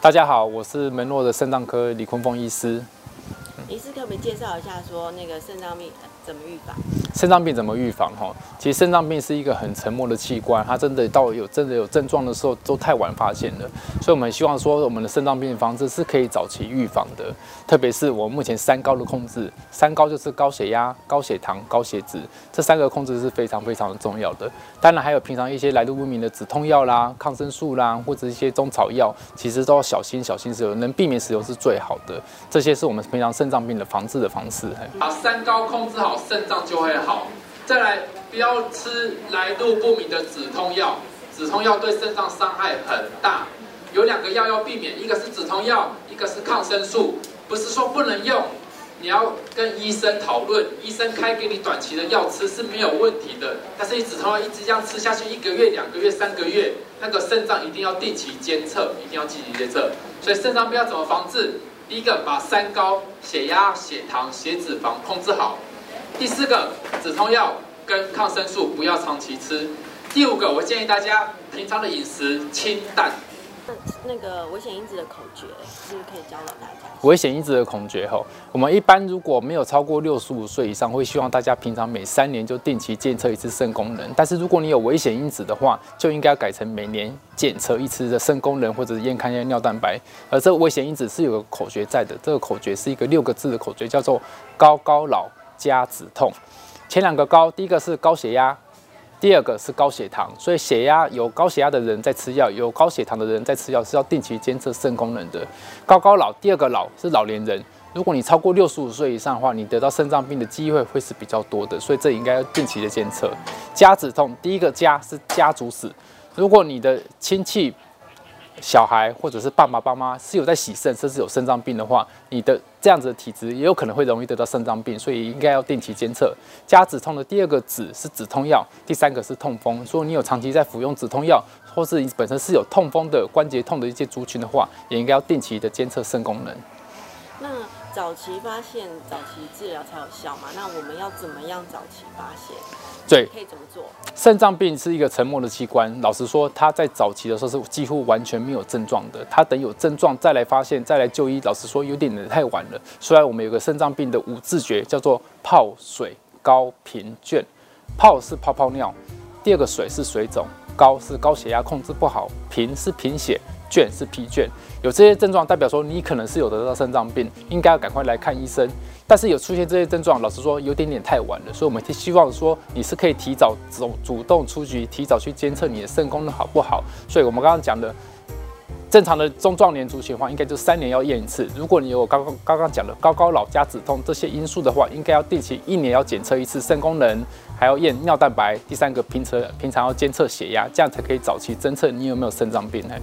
大家好，我是門諾的腎臟科李坤峰醫師。醫師給我們介紹一下，說那個腎臟病怎麼預防？腎臟病怎麼預防？哈，其實腎臟病是一個很沉默的器官，它真的到有真的有症狀的時候，都太晚發現了。所以我們希望說，我們的腎臟病的防治是可以早期預防的。特別是我們目前三高的控制，三高就是高血壓、高血糖、高血脂，這三個控制是非常非常的重要的，當然還有平常一些來路不明的止痛藥啦、抗生素啦，或者一些中草藥，其實都要小心小心使用，能避免使用是最好的。這些是我們平常腎臟。病的防治的方式，把三高控制好，腎臟就會好。再來，不要吃來路不明的止痛藥，止痛藥對腎臟傷害很大。有兩個藥要避免，一個是止痛藥，一個是抗生素。不是說不能用，你要跟醫生討論，醫生開給你短期的藥吃是沒有問題的。但是你止痛藥一直這樣吃下去，一個月、兩個月、三個月，那個腎臟一定要定期監測，一定要積極監測。所以腎臟病要怎麼防治？第一個，把三高，血壓、血糖、血脂肪控制好。第四個，止痛藥跟抗生素不要長期吃。第五個，我建議大家平常的飲食清淡。那，那個危險因子的口訣，是不是可以教給大家？危險因子的口訣吼，我們一般如果沒有超過六十五歲以上，會希望大家平常每三年就定期檢測一次腎功能。但是如果你有危險因子的話，就應該改成每年檢測一次的腎功能，或者是驗看一下尿蛋白。而這個危險因子是有個口訣在的，這個口訣是一個六個字的口訣，叫做高高老家止痛。前兩個高，第一個是高血壓。第二個是高血糖，所以血壓有高血壓的人在吃藥，有高血糖的人在吃藥是要定期監測腎功能的。高高老，第二個老是老年人，如果你超過六十五歲以上的話，你得到腎臟病的機會會是比較多的，所以這應該要定期的監測。家止痛，第一個家是家族史，如果你的親戚。小孩或者是爸媽爸媽是有在洗腎，甚至有腎臟病的話，你的這樣子的體質也有可能會容易得到腎臟病，所以應該要定期監測。加止痛的第二個止是止痛藥，第三個是痛風。如果你有長期在服用止痛藥，或是你本身是有痛風的關節痛的一些族群的話，也應該要定期的監測腎功能。早期發現，早期治療才有效嘛。那我們要怎麼樣早期發現？對，可以怎麼做？腎臟病是一個沉默的器官。老實說，它在早期的時候是幾乎完全沒有症狀的。它等有症狀再來發現，再來就醫，老實說有點點太晚了。雖然我們有個腎臟病的五字訣，叫做泡水高貧倦。泡是泡泡尿，第二個水是水腫，高是高血壓控制不好，貧是貧血。倦是疲倦，有這些症狀代表說你可能是有得到腎臟病，應該要趕快來看醫生。但是有出現這些症狀，老實說有點點太晚了，所以我們希望說你是可以提早走主動出局，提早去監測你的腎功能好不好？所以我們剛剛講的正常的中壯年族群的話，應該就三年要驗一次。如果你有剛剛剛剛講的高高老家止痛這些因素的話，應該要定期一年要檢測一次腎功能，還要驗尿蛋白。第三個平測平常要監測血壓，這樣才可以早期偵測你有沒有腎臟病哎。